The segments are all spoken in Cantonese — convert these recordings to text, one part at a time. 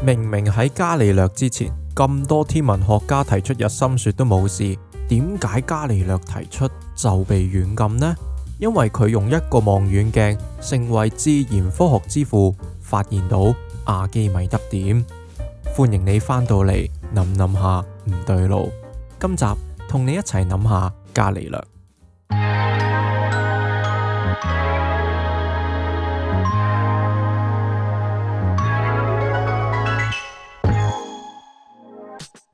明明喺伽利略之前咁多天文學家提出日心說都冇事，點解伽利略提出就被軟禁呢？因為佢用一個望遠鏡，成為自然科學之父，發現到阿基米得點。歡迎你返到嚟，諗諗下，唔對路。今集同你一齊諗下伽利略。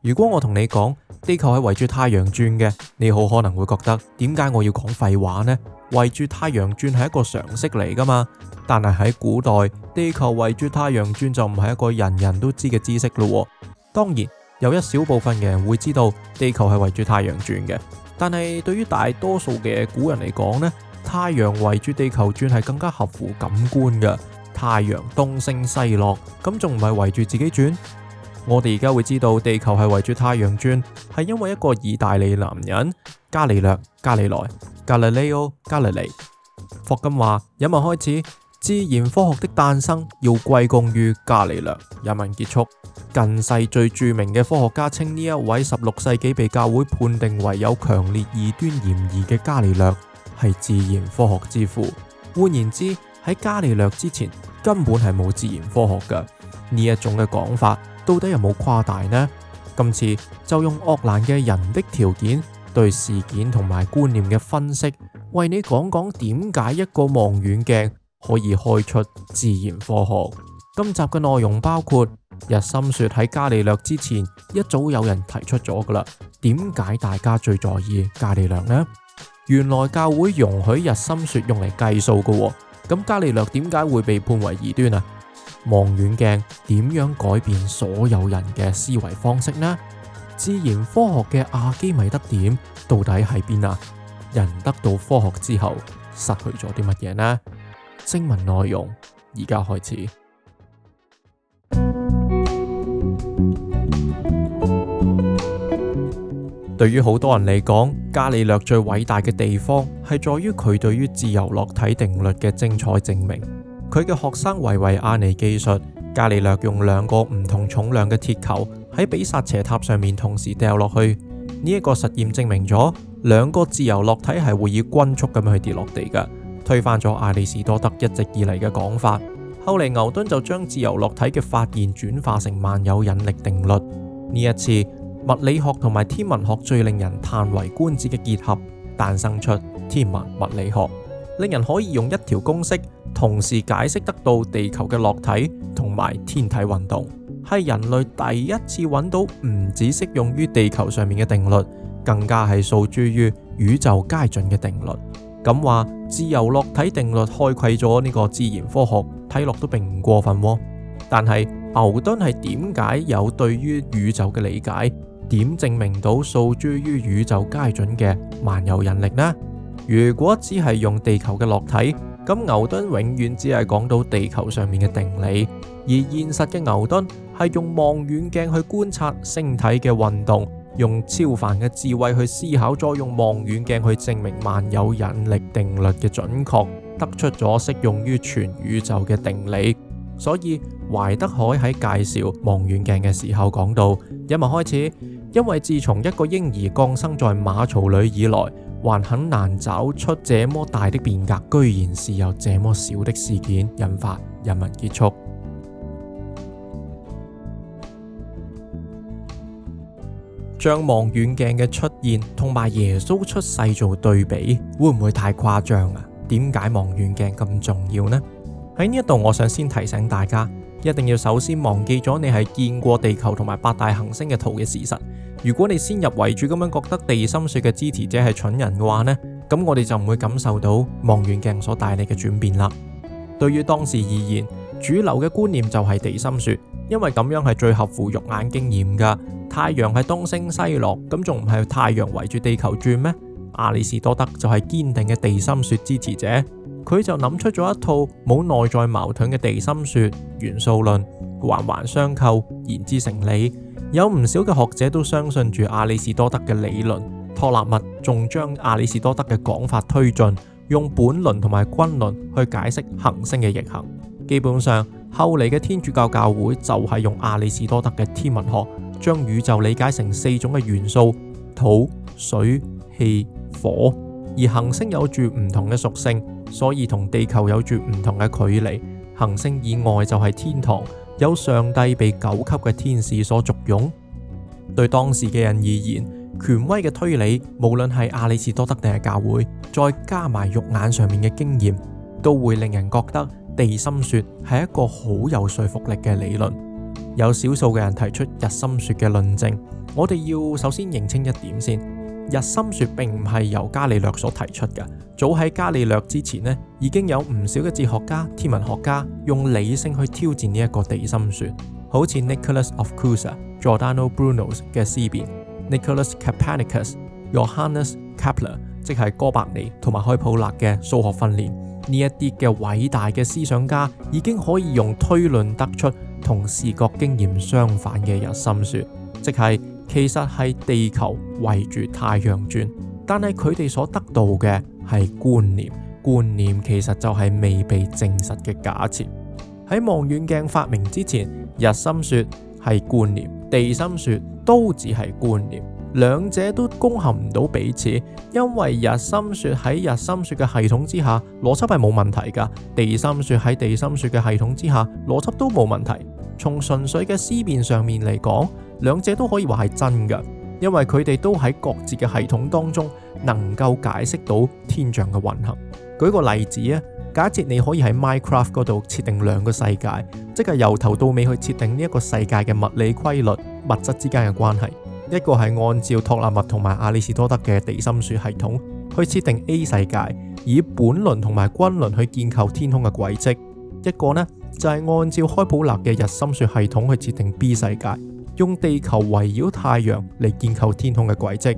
如果我同你講，地球係圍住太陽轉嘅，你好可能會覺得點解我要講廢話呢？圍住太陽轉係一個常識嚟噶嘛？但係喺古代，地球圍住太陽轉就唔係一個人人都知嘅知識咯。當然有一小部分嘅人會知道地球係圍住太陽轉嘅，但係對於大多數嘅古人嚟講呢，太陽圍住地球轉係更加合乎感官嘅。太陽東升西落，咁仲唔係圍住自己轉？我哋而家會知道地球係圍住太陽轉，係因為一個意大利男人，伽利略、伽利萊、伽利利奧、伽利萊。霍金話：「人民開始，自然科學的誕生要歸功於伽利略。」人民結束，近世最著名嘅科學家稱呢一位十六世紀被教會判定為有強烈異端嫌疑嘅伽利略係自然科學之父。換言之，喺伽利略之前根本係冇自然科學嘅呢一種嘅講法。到底有冇誇大呢？今次就用鄂蘭嘅人的條件對事件同埋觀念嘅分析，為你講講點解一個望遠鏡可以開出自然科學。今集嘅內容包括，日心說喺伽利略之前一早有人提出咗㗎喇，點解大家最在意伽利略呢？原來教會容許日心說用嚟計數㗎，咁伽利略點解會被判為異端啊？望遠鏡點樣改變所有人嘅思維方式呢？自然科學嘅阿基米德點到底喺邊啊？人得到科學之後，失去咗啲乜嘢呢？正文內容而家開始。對於好多人嚟講，伽利略最偉大嘅地方係在於佢對於自由落體定律嘅精彩證明。佢嘅學生維維阿尼記述，伽利略用兩個唔同重量嘅鐵球喺比薩斜塔上面同時掉落去，呢、這、一個實驗證明咗兩個自由落體係會以均速咁去跌落地嘅，推翻咗亞里士多德一直以嚟嘅講法。後嚟牛頓就將自由落體嘅發現轉化成萬有引力定律，呢一次物理學同埋天文學最令人嘆為觀止嘅結合，誕生出天文物理學。令人可以用一條公式同時解釋得到地球嘅落體同埋天體運動，係人類第一次揾到唔只適用於地球上面嘅定律，更加係訴諸於宇宙皆準嘅定律。咁話自由落體定律開啟咗呢個自然科學，睇落都並唔過分啊。但係牛頓係點解有對於宇宙嘅理解？點證明到訴諸於宇宙皆準嘅萬有引力呢？如果只係用地球嘅落體，咁牛頓永遠只係講到地球上面嘅定理，而現實嘅牛頓係用望遠鏡去觀察星體嘅運動，用超凡嘅智慧去思考，再用望遠鏡去證明萬有引力定律嘅準確，得出咗適用於全宇宙嘅定理。所以懷德海喺介紹望遠鏡嘅時候講到，因為開始，因為自從一個嬰兒降生在馬槽裏以來。還很難找出這麼大的變革，居然是由這麼小的事件引發，人民結束。將望遠鏡嘅出現同埋耶穌出世做對比，會唔會太誇張啊？點解望遠鏡咁重要呢？喺呢一度，我想先提醒大家，一定要首先忘記咗你係見過地球同埋八大行星嘅圖嘅事實。如果你先入為主咁樣覺得地心說嘅支持者係蠢人嘅話呢，咁我哋就唔會感受到望遠鏡所帶嚟嘅轉變啦。對於當時而言，主流嘅觀念就係地心說，因為咁樣係最合乎肉眼經驗噶。太陽係東升西落，咁仲唔係太陽圍住地球轉咩？亞里士多德就係堅定嘅地心說支持者，佢就諗出咗一套冇內在矛盾嘅地心說元素論，環環相扣，言之成理。有唔少嘅學者都相信住亞里士多德嘅理論，托勒密仲將亞里士多德嘅講法推進，用本輪同埋均輪去解釋行星嘅逆行。基本上，後嚟嘅天主教教會就係用亞里士多德嘅天文學，將宇宙理解成四種嘅元素：土、水、氣、火。而行星有住唔同嘅屬性，所以同地球有住唔同嘅距離。行星以外就係天堂。有上帝被九級嘅天使所簇擁。對當時嘅人而言，權威嘅推理，無論係亞里士多德定係教會，再加埋肉眼上面嘅經驗，都會令人覺得地心說係一個好有說服力嘅理論。有少數嘅人提出日心說嘅論證，我哋要首先認清一點先。日心說並唔係由伽利略所提出嘅，早喺伽利略之前呢，已經有唔少嘅哲學家、天文學家用理性去挑戰呢一個地心說，好似 Nicolas of Cusa、Giordano Bruno 嘅思辨、Nicolas Copernicus、Johannes Kepler，即係哥白尼同埋開普勒嘅數學訓練，呢一啲嘅偉大嘅思想家已經可以用推論得出同視覺經驗相反嘅日心說，即係。其實係地球圍住太陽轉，但係佢哋所得到嘅係觀念，觀念其實就係未被證實嘅假設。喺望遠鏡發明之前，日心說係觀念，地心說都只係觀念，兩者都攻陷唔到彼此，因為日心說喺日心說嘅系統之下邏輯係冇問題㗎，地心說喺地心說嘅系統之下邏輯都冇問題。從純粹嘅思辨上面嚟講。兩者都可以話係真嘅，因為佢哋都喺各自嘅系統當中能夠解釋到天象嘅運行。舉個例子啊，假設你可以喺 Minecraft 嗰度設定兩個世界，即係由頭到尾去設定呢一個世界嘅物理規律、物質之間嘅關係。一個係按照托勒密同埋阿里士多德嘅地心説系統去設定 A 世界，以本輪同埋均輪去建構天空嘅軌跡；一個呢，就係、是、按照開普勒嘅日心説系統去設定 B 世界。用地球圍繞太陽嚟建構天空嘅軌跡，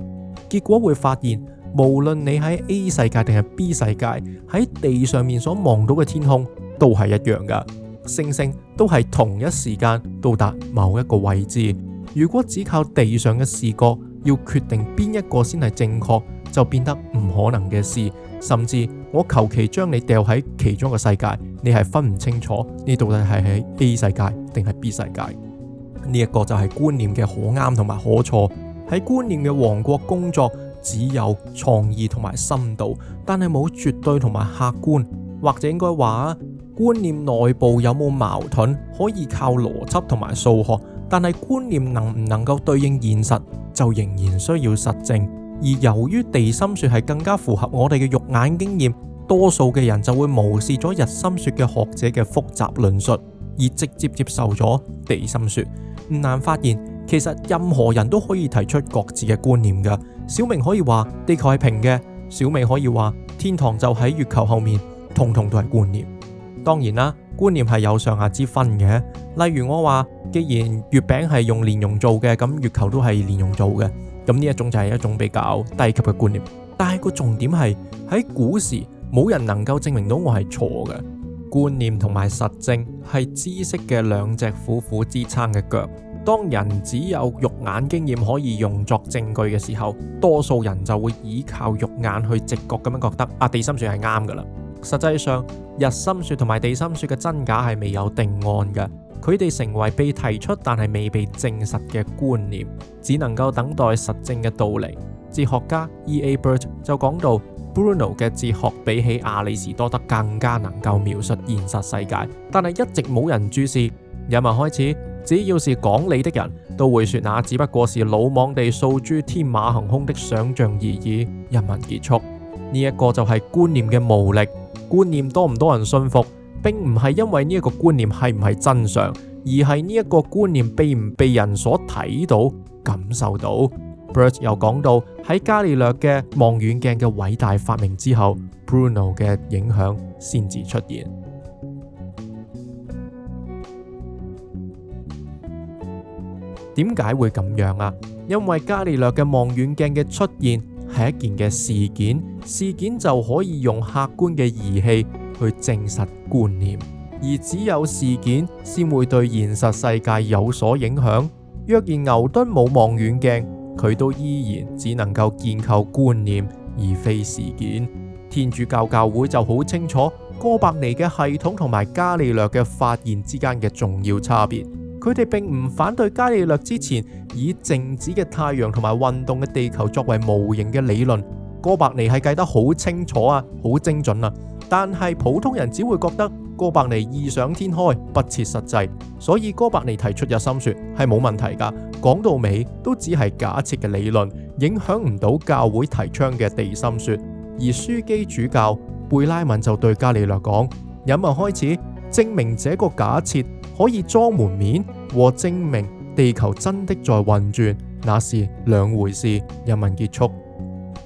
結果會發現，無論你喺 A 世界定係 B 世界，喺地上面所望到嘅天空都係一樣㗎，星星都係同一時間到達某一個位置。如果只靠地上嘅視覺，要決定邊一個先係正確，就變得唔可能嘅事。甚至我求其將你掉喺其中一個世界，你係分唔清楚，你到底係喺 A 世界定係 B 世界。呢一個就係觀念嘅可啱同埋可錯。喺觀念嘅王國工作，只有創意同埋深度，但係冇絕對同埋客觀，或者應該話啊，觀念內部有冇矛盾，可以靠邏輯同埋數學，但係觀念能唔能夠對應現實，就仍然需要實證。而由於地心説係更加符合我哋嘅肉眼經驗，多數嘅人就會無視咗日心説嘅學者嘅複雜論述，而直接接受咗地心説。唔難發現，其實任何人都可以提出各自嘅觀念㗎。小明可以話地球係平嘅，小美可以話天堂就喺月球後面，通通都係觀念。當然啦，觀念係有上下之分嘅。例如我話，既然月餅係用蓮蓉做嘅，咁月球都係蓮蓉做嘅，咁呢一種就係一種比較低級嘅觀念。但係個重點係喺古時，冇人能夠證明到我係錯嘅。觀念同埋實證係知識嘅兩隻苦苦支撐嘅腳。當人只有肉眼經驗可以用作證據嘅時候，多數人就會依靠肉眼去直覺咁樣覺得啊地心說係啱噶啦。實際上，日心說同埋地心說嘅真假係未有定案嘅，佢哋成為被提出但係未被證實嘅觀念，只能夠等待實證嘅到嚟。哲學家 E.A.Bert 就講到，r 布魯諾嘅哲學比起亞里士多德更加能夠描述現實世界，但係一直冇人注視。引文開始，只要是講理的人都會說，那只不過是魯莽地訴諸天馬行空的想象而已。引文結束，呢一個就係觀念嘅無力。觀念多唔多人信服，並唔係因為呢一個觀念係唔係真相，而係呢一個觀念被唔被人所睇到、感受到。又講到喺伽利略嘅望遠鏡嘅偉大發明之後，Bruno 嘅影響先至出現。點解會咁樣啊？因為伽利略嘅望遠鏡嘅出現係一件嘅事件，事件就可以用客觀嘅儀器去證實觀念，而只有事件先會對現實世界有所影響。若然牛頓冇望遠鏡，佢都依然只能夠建構觀念，而非事件。天主教教會就好清楚哥白尼嘅系統同埋伽利略嘅發現之間嘅重要差別。佢哋並唔反對伽利略之前以靜止嘅太陽同埋運動嘅地球作為模型嘅理論。哥白尼係計得好清楚啊，好精準啊。但係普通人只會覺得哥白尼異想天開，不切實際，所以哥白尼提出日心說係冇問題噶。講到尾都只係假設嘅理論，影響唔到教會提倡嘅地心說。而樞機主教貝拉文就對伽利略講：引文開始，證明這個假設可以裝門面，和證明地球真的在運轉，那是兩回事。人民結束。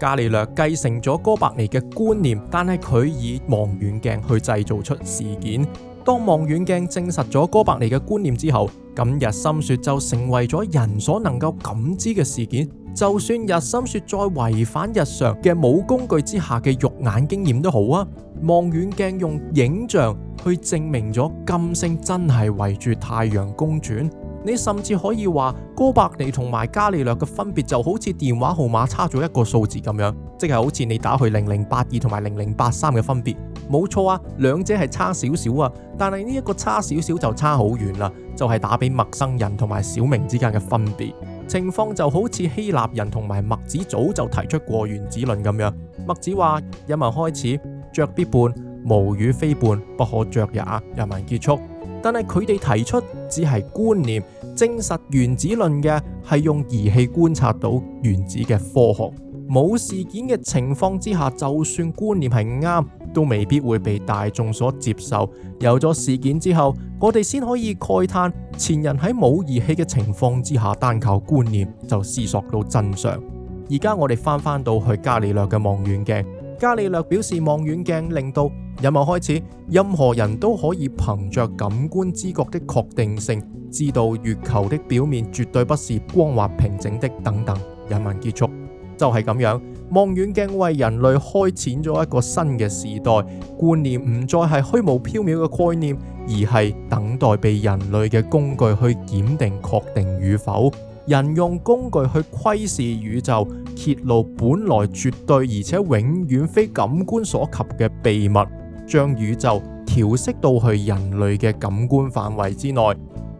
伽利略繼承咗哥白尼嘅觀念，但係佢以望遠鏡去製造出事件。當望遠鏡證實咗哥白尼嘅觀念之後，咁日心說就成為咗人所能夠感知嘅事件。就算日心說再違反日常嘅冇工具之下嘅肉眼經驗都好啊，望遠鏡用影像去證明咗金星真係圍住太陽公轉。你甚至可以話哥白尼同埋伽利略嘅分別就好似電話號碼差咗一個數字咁樣，即係好似你打去零零八二同埋零零八三嘅分別，冇錯啊，兩者係差少少啊，但係呢一個差少少就差好遠啦，就係打俾陌生人同埋小明之間嘅分別。情況就好似希臘人同埋墨子早就提出過原子論咁樣，墨子話：「人民開始，着必伴，無與非伴，不可著也。」人民結束，但係佢哋提出，只係觀念，證實原子論嘅係用儀器觀察到原子嘅科學。冇事件嘅情況之下，就算觀念係啱，都未必會被大眾所接受。有咗事件之後，我哋先可以慨嘆前人喺冇儀器嘅情況之下，單靠觀念就思索到真相。而家我哋翻翻到去伽利略嘅望遠鏡。伽利略表示望遠鏡令到，引文開始，任何人都可以憑着感官知覺的確定性，知道月球的表面絕對不是光滑平整的。等等，引文結束，就係、是、咁樣，望遠鏡為人類開展咗一個新嘅時代，觀念唔再係虛無縹緲嘅概念，而係等待被人類嘅工具去檢定、確定與否。人用工具去窺視宇宙，揭露本來絕對而且永遠非感官所及嘅秘密，將宇宙調適到去人類嘅感官範圍之內，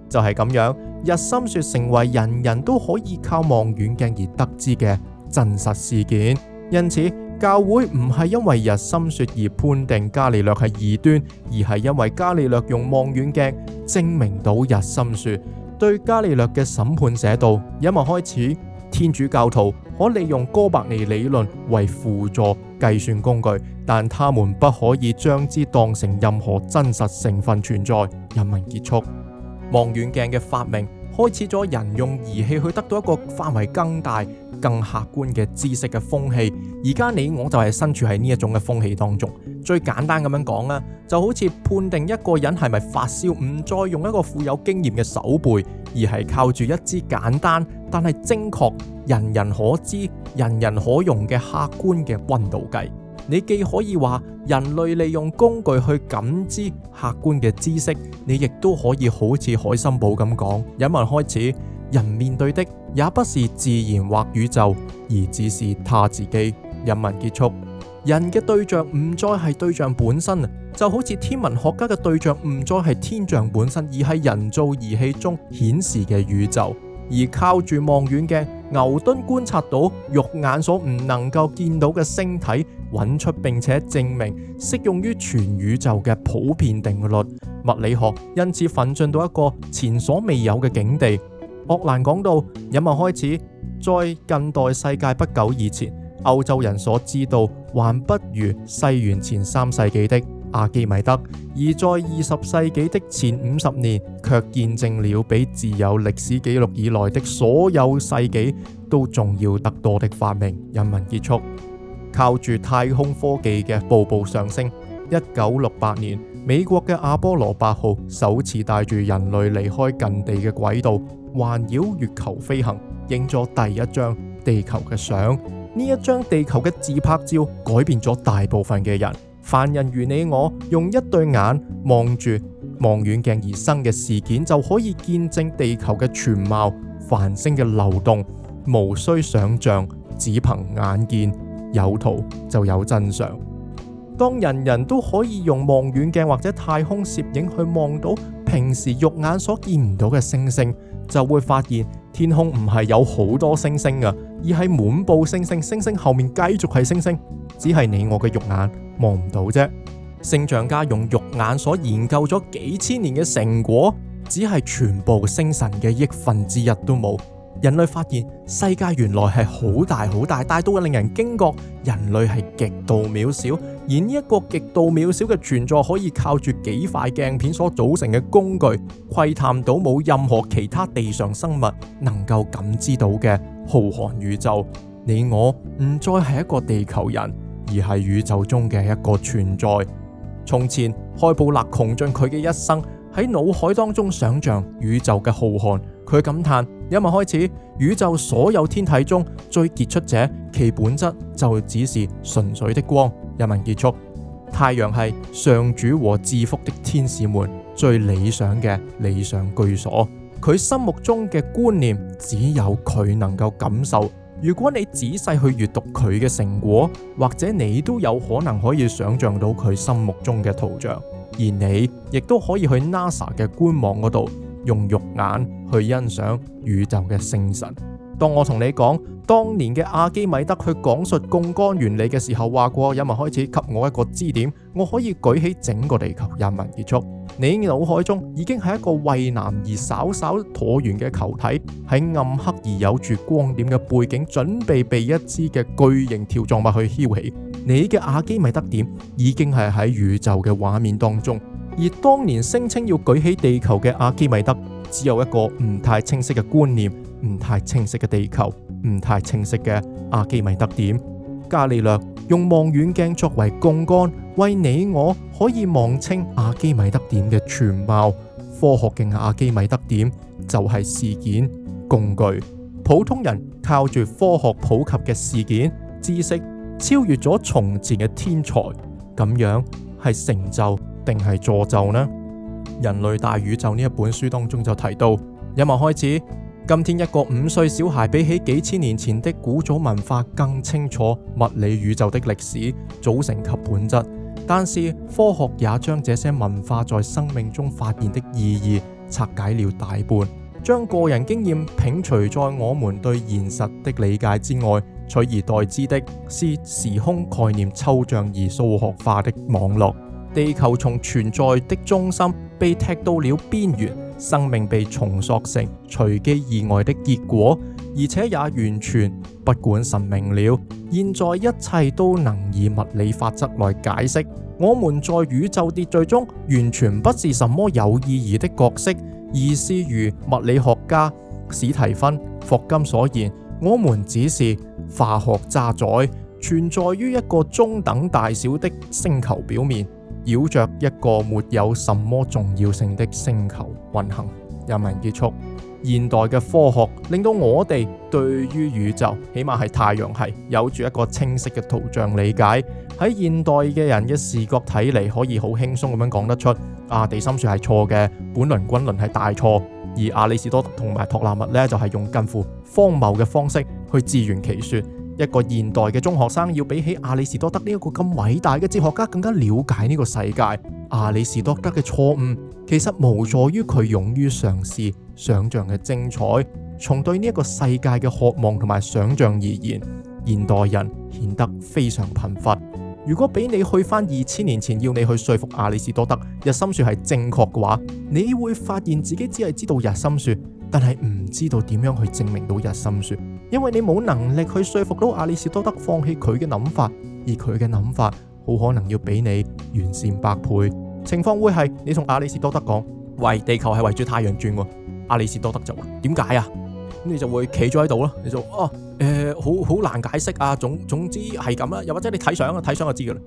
就係咁樣。日心說成為人人都可以靠望遠鏡而得知嘅真實事件，因此教會唔係因為日心說而判定伽利略係異端，而係因為伽利略用望遠鏡證明到日心說。對伽利略嘅審判寫道，引文開始，天主教徒可利用哥白尼理論為輔助計算工具，但他們不可以將之當成任何真實成分存在。引文結束。望遠鏡嘅發明，開始咗人用儀器去得到一個範圍更大、更客觀嘅知識嘅風氣。而家你我就係身處喺呢一種嘅風氣當中。最簡單咁樣講啦，就好似判定一個人係咪發燒，唔再用一個富有經驗嘅手背，而係靠住一支簡單但係精確、人人可知、人人可用嘅客觀嘅溫度計。你既可以話人類利用工具去感知客觀嘅知識，你亦都可以好似海森堡咁講。引文開始，人面對的也不是自然或宇宙，而只是他自己。引文結束，人嘅對象唔再係對象本身，就好似天文學家嘅對象唔再係天象本身，而係人造儀器中顯示嘅宇宙。而靠住望遠鏡，牛頓觀察到肉眼所唔能夠見到嘅星體。揾出並且證明適用於全宇宙嘅普遍定律，物理學因此奮進到一個前所未有嘅境地。鄂蘭講到：引文開始，在近代世界不久以前，歐洲人所知道還不如西元前三世紀的阿基米德，而在二十世紀的前五十年，卻見證了比自有歷史記錄以來的所有世紀都重要得多的發明。引文結束。靠住太空科技嘅步步上升，一九六八年，美國嘅阿波羅八號首次帶住人類離開近地嘅軌道，環繞月球飛行，影咗第一張地球嘅相。呢一張地球嘅自拍照改變咗大部分嘅人，凡人如你我，用一對眼望住望遠鏡而生嘅事件，就可以見證地球嘅全貌、繁星嘅流動，無需想象，只憑眼見。有圖就有真相。當人人都可以用望遠鏡或者太空攝影去望到平時肉眼所見唔到嘅星星，就會發現天空唔係有好多星星嘅，而係滿布星星，星星後面繼續係星星，只係你我嘅肉眼望唔到啫。星象家用肉眼所研究咗幾千年嘅成果，只係全部星辰嘅億分之一都冇。人類發現世界原來係好大好大，大到令人驚覺人類係極度渺小。而呢一個極度渺小嘅存在，可以靠住幾塊鏡片所組成嘅工具，窺探到冇任何其他地上生物能夠感知到嘅浩瀚宇宙。你我唔再係一個地球人，而係宇宙中嘅一個存在。從前，開普勒窮盡佢嘅一生喺腦海當中想象宇宙嘅浩瀚。佢感嘆：引文開始，宇宙所有天體中最傑出者，其本質就只是純粹的光。引文結束，太陽係上主和至福的天使們最理想嘅理想居所。佢心目中嘅觀念只有佢能夠感受。如果你仔細去閱讀佢嘅成果，或者你都有可能可以想象到佢心目中嘅圖像，而你亦都可以去 NASA 嘅官網嗰度。用肉眼去欣賞宇宙嘅星辰。當我同你講當年嘅阿基米德去講述槓桿原理嘅時候，話過：引號開始給我一個支點，我可以舉起整個地球。引號結束。你腦海中已經係一個蔚藍而稍稍橢圓嘅球體，喺暗黑而有住光點嘅背景，準備被一支嘅巨型條狀物去挑起。你嘅阿基米德點已經係喺宇宙嘅畫面當中。而當年聲稱要舉起地球嘅阿基米德，只有一個唔太清晰嘅觀念，唔太清晰嘅地球，唔太清晰嘅阿基米德點。伽利略用望遠鏡作為槓桿，為你我可以望清阿基米德點嘅全貌。科學嘅阿基米德點就係事件工具。普通人靠住科學普及嘅事件知識，超越咗從前嘅天才，咁樣係成就？定係助咒呢？人類大宇宙呢一本書當中就提到，因為開始今天一個五歲小孩比起幾千年前的古早文化更清楚物理宇宙的歷史、組成及本質。但是科學也將這些文化在生命中發現的意義拆解了大半，將個人經驗摒除在我們對現實的理解之外，取而代之的是時空概念抽象而數學化的網絡。地球從存在的中心被踢到了邊緣，生命被重塑成隨機意外的結果，而且也完全不管神明了。現在一切都能以物理法則來解釋。我們在宇宙秩序中完全不是什麼有意義的角色，而是如物理學家史提芬·霍金所言：我們只是化學渣滓，存在於一個中等大小的星球表面。繞着一個沒有什麼重要性的星球運行。人民結束。現代嘅科學令到我哋對於宇宙，起碼係太陽系，有住一個清晰嘅圖像理解。喺現代嘅人嘅視覺睇嚟，可以好輕鬆咁樣講得出。阿、啊、地心說係錯嘅，本輪均輪係大錯。而亞里士多德同埋托勒密呢，就係、是、用近乎荒謬嘅方式去自圓其說。一個現代嘅中學生要比起亞里士多德呢一個咁偉大嘅哲學家更加了解呢個世界，亞里士多德嘅錯誤其實無助於佢勇於嘗試想象嘅精彩。從對呢一個世界嘅渴望同埋想象而言，現代人顯得非常貧乏。如果俾你去返二千年前，要你去說服亞里士多德日心說係正確嘅話，你會發現自己只係知道日心說，但係唔知道點樣去證明到日心說。因為你冇能力去說服到阿里士多德放棄佢嘅諗法，而佢嘅諗法好可能要比你完善百倍。情況會係你同阿里士多德講：喂，地球係圍住太陽轉喎。亞里士多德就話點解啊？咁你就會企咗喺度咯。你就哦，誒、呃，好好難解釋啊。總總之係咁啦。又或者你睇相，睇相就知噶啦。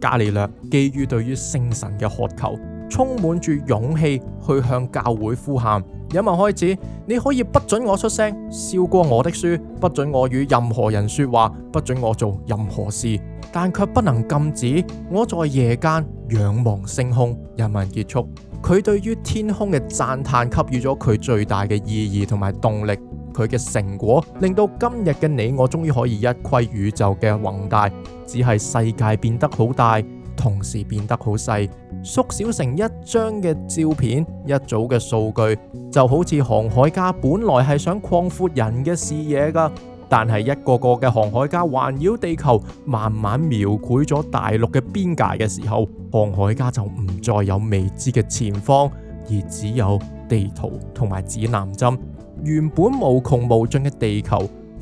伽利略基於對於聖神嘅渴求，充滿住勇氣去向教會呼喊。一文開始，你可以不准我出聲，燒光我的書，不准我與任何人說話，不准我做任何事，但卻不能禁止我在夜間仰望星空。一文結束。佢對於天空嘅讚嘆，給予咗佢最大嘅意義同埋動力。佢嘅成果，令到今日嘅你我，終於可以一窺宇宙嘅宏大。只係世界變得好大，同時變得好細，縮小成一張嘅照片，一組嘅數據，就好似航海家本來係想擴闊人嘅視野㗎。但係一個個嘅航海家環繞地球，慢慢描繪咗大陸嘅邊界嘅時候，航海家就唔再有未知嘅前方，而只有地圖同埋指南針。原本無窮無盡嘅地球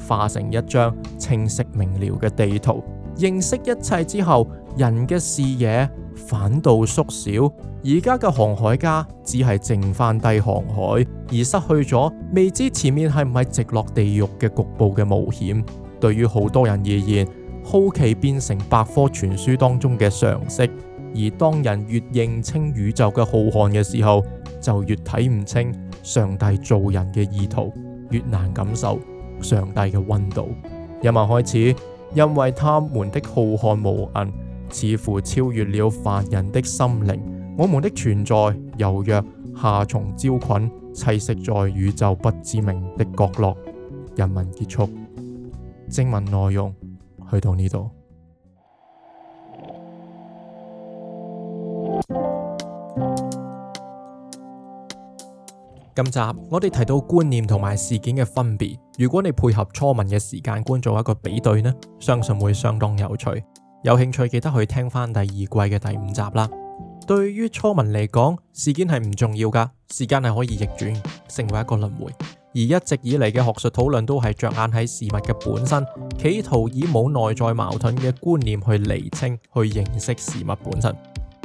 化成一張清晰明了嘅地圖，認識一切之後，人嘅視野反倒縮小，而家嘅航海家只係淨翻低航海，而失去咗未知前面係唔係直落地獄嘅局部嘅冒險。對於好多人而言，好奇變成百科全書當中嘅常識。而當人越認清宇宙嘅浩瀚嘅時候，就越睇唔清上帝造人嘅意圖，越難感受上帝嘅溫度。一晚開始，因為他們的浩瀚無垠。似乎超越了凡人的心靈。我們的存在，猶若夏蟲朝菌，棲息在宇宙不知名的角落。人民結束，正文內容去到呢度。今集我哋提到觀念同埋事件嘅分別。如果你配合初文嘅時間觀做一個比對呢，相信會相當有趣。有興趣記得去聽翻第二季嘅第五集啦。對於初民嚟講，事件係唔重要㗎，時間係可以逆轉，成為一個輪迴。而一直以嚟嘅學術討論都係着眼喺事物嘅本身，企圖以冇內在矛盾嘅觀念去釐清、去認識事物本身。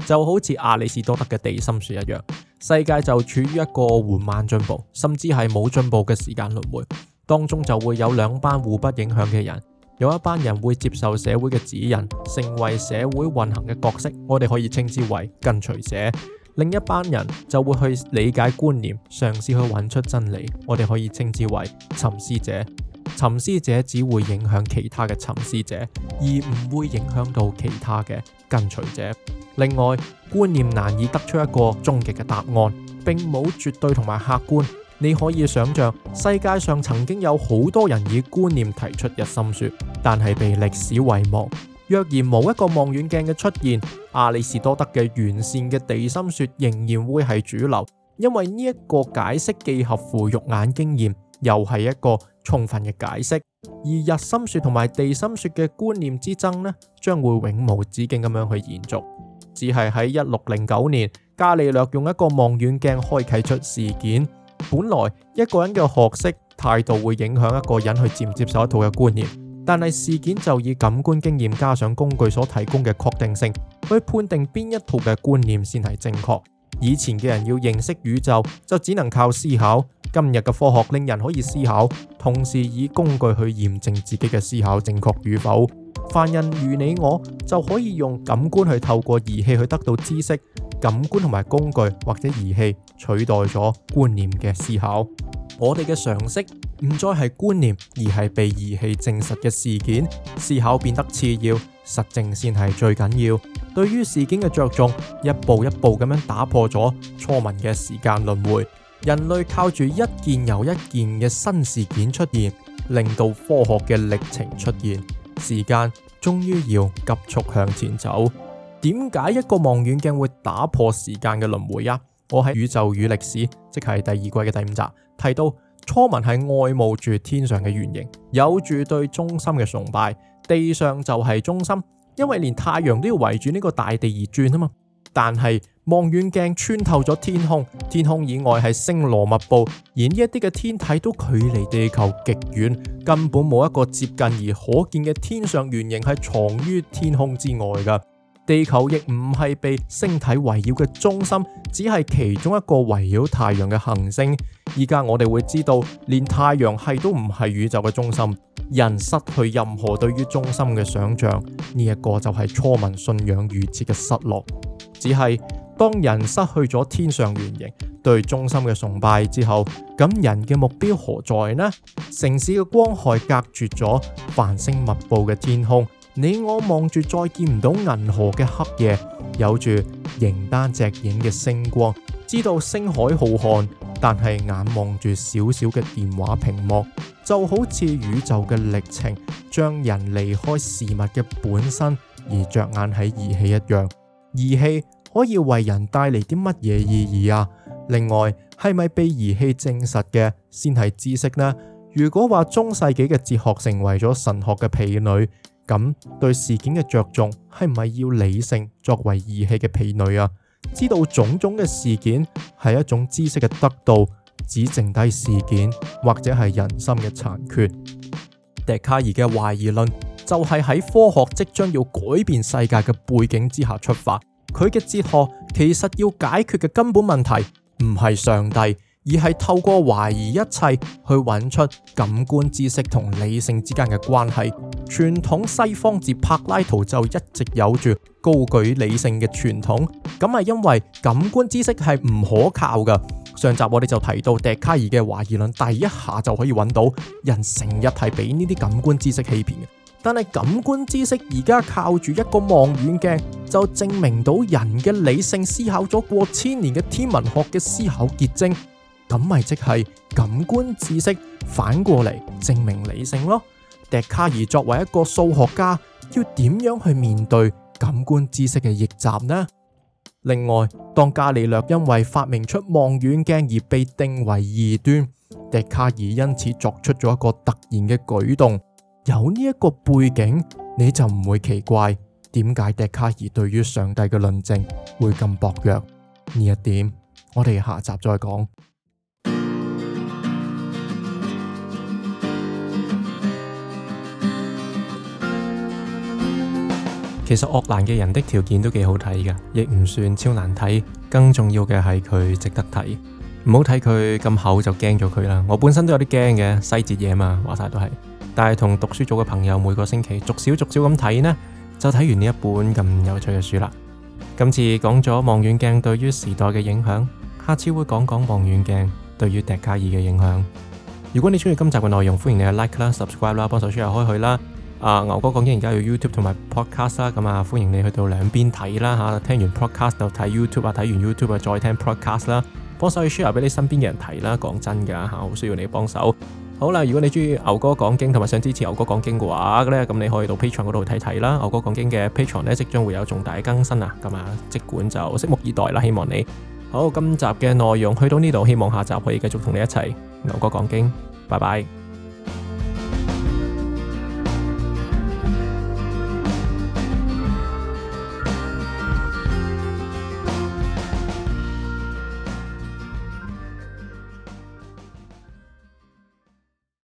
就好似阿里士多德嘅地心說一樣，世界就處於一個緩慢進步，甚至係冇進步嘅時間輪迴當中，就會有兩班互不影響嘅人。有一班人會接受社會嘅指引，成為社會運行嘅角色，我哋可以稱之為跟隨者；另一班人就會去理解觀念，嘗試去揾出真理，我哋可以稱之為沉思者。沉思者只會影響其他嘅沉思者，而唔會影響到其他嘅跟隨者。另外，觀念難以得出一個終極嘅答案，並冇絕對同埋客觀。你可以想象，世界上曾經有好多人以觀念提出日心說，但係被歷史遺忘。若然冇一個望遠鏡嘅出現，亞里士多德嘅完善嘅地心說仍然會係主流，因為呢一個解釋既合乎肉眼經驗，又係一個充分嘅解釋。而日心說同埋地心說嘅觀念之爭呢，將會永無止境咁樣去延續。只係喺一六零九年，伽利略用一個望遠鏡開啟出事件。本來一個人嘅學識態度會影響一個人去接唔接受一套嘅觀念，但係事件就以感官經驗加上工具所提供嘅確定性去判定邊一套嘅觀念先係正確。以前嘅人要認識宇宙，就只能靠思考。今日嘅科學令人可以思考，同時以工具去驗證自己嘅思考正確與否。凡人如你我，就可以用感官去透過儀器去得到知識。感官同埋工具或者儀器取代咗觀念嘅思考。我哋嘅常識唔再係觀念，而係被儀器證實嘅事件。思考變得次要，實證先係最緊要。對於事件嘅着重，一步一步咁樣打破咗初民嘅時間輪迴。人類靠住一件又一件嘅新事件出現，令到科學嘅歷程出現，時間終於要急速向前走。點解一個望遠鏡會打破時間嘅輪迴啊？我喺《宇宙與歷史》，即係第二季嘅第五集提到，初民係愛慕住天上嘅圓形，有住對中心嘅崇拜，地上就係中心，因為連太陽都要圍住呢個大地而轉啊嘛。但係望遠鏡穿透咗天空，天空以外係星羅密布，而呢一啲嘅天體都距離地球極遠，根本冇一個接近而可見嘅天上圓形係藏於天空之外嘅。地球亦唔係被星體圍繞嘅中心，只係其中一個圍繞太陽嘅行星。依家我哋會知道，連太陽系都唔係宇宙嘅中心，人失去任何對於中心嘅想象。呢一個就係初民信仰預設嘅失落。只係當人失去咗天上原型對中心嘅崇拜之後，咁人嘅目標何在呢？城市嘅光害隔絕咗繁星密布嘅天空，你我望住再見唔到銀河嘅黑夜，有住形單隻影嘅星光，知道星海浩瀚，但係眼望住小小嘅電話屏幕，就好似宇宙嘅歷程將人離開事物嘅本身，而着眼喺儀器一樣。儀器可以為人帶嚟啲乜嘢意義啊？另外，係咪被儀器證實嘅先係知識呢？如果話中世紀嘅哲學成為咗神學嘅婢女，咁對事件嘅着重係唔係要理性作為儀器嘅婢女啊？知道種種嘅事件係一種知識嘅得到，只剩低事件或者係人心嘅殘缺。迪卡爾嘅懷疑論就係喺科學即將要改變世界嘅背景之下出發。佢嘅哲學其實要解決嘅根本問題唔係上帝，而係透過懷疑一切去揾出感官知識同理性之間嘅關係。傳統西方自柏拉圖就一直有住高舉理性嘅傳統，咁係因為感官知識係唔可靠嘅。上集我哋就提到笛卡爾嘅懷疑論，第一下就可以揾到人成日係俾呢啲感官知識欺騙嘅。但係感官知識而家靠住一個望遠鏡就證明到人嘅理性思考咗過千年嘅天文學嘅思考結晶，咁咪即係感官知識反過嚟證明理性咯？笛卡爾作為一個數學家，要點樣去面對感官知識嘅逆襲呢？另外，當伽利略因為發明出望遠鏡而被定為異端，笛卡爾因此作出咗一個突然嘅舉動。有呢一個背景，你就唔會奇怪點解笛卡爾對於上帝嘅論證會咁薄弱。呢一點，我哋下集再講。其實鄂蘭嘅人的條件都幾好睇㗎，亦唔算超難睇。更重要嘅係佢值得睇。唔好睇佢咁厚就驚咗佢啦。我本身都有啲驚嘅，細節嘢嘛，話晒都係。但係同讀書組嘅朋友每個星期逐少逐少咁睇呢，就睇完呢一本咁有趣嘅書啦。今次講咗望遠鏡對於時代嘅影響，下次會講講望遠鏡對於笛卡爾嘅影響。如果你中意今集嘅內容，歡迎你嘅 like 啦、subscribe 啦，幫手 share 開去啦。啊，牛哥講緊而家有 YouTube 同埋 podcast 啦，咁啊，歡迎你去到兩邊睇啦吓、啊。聽完 podcast 就睇 YouTube 啊，睇完 YouTube 啊再聽 podcast 啦，幫手去 share 俾你身邊嘅人睇啦。講真噶吓，好、啊、需要你幫手。好啦，如果你中意牛哥講經，同埋想支持牛哥講經嘅話咧，咁你可以到 Patreon 嗰度睇睇啦。牛哥講經嘅 Patreon 呢，即將會有重大的更新啊，咁啊，即管就拭目以待啦。希望你好今集嘅內容去到呢度，希望下集可以繼續同你一齊牛哥講經。拜拜。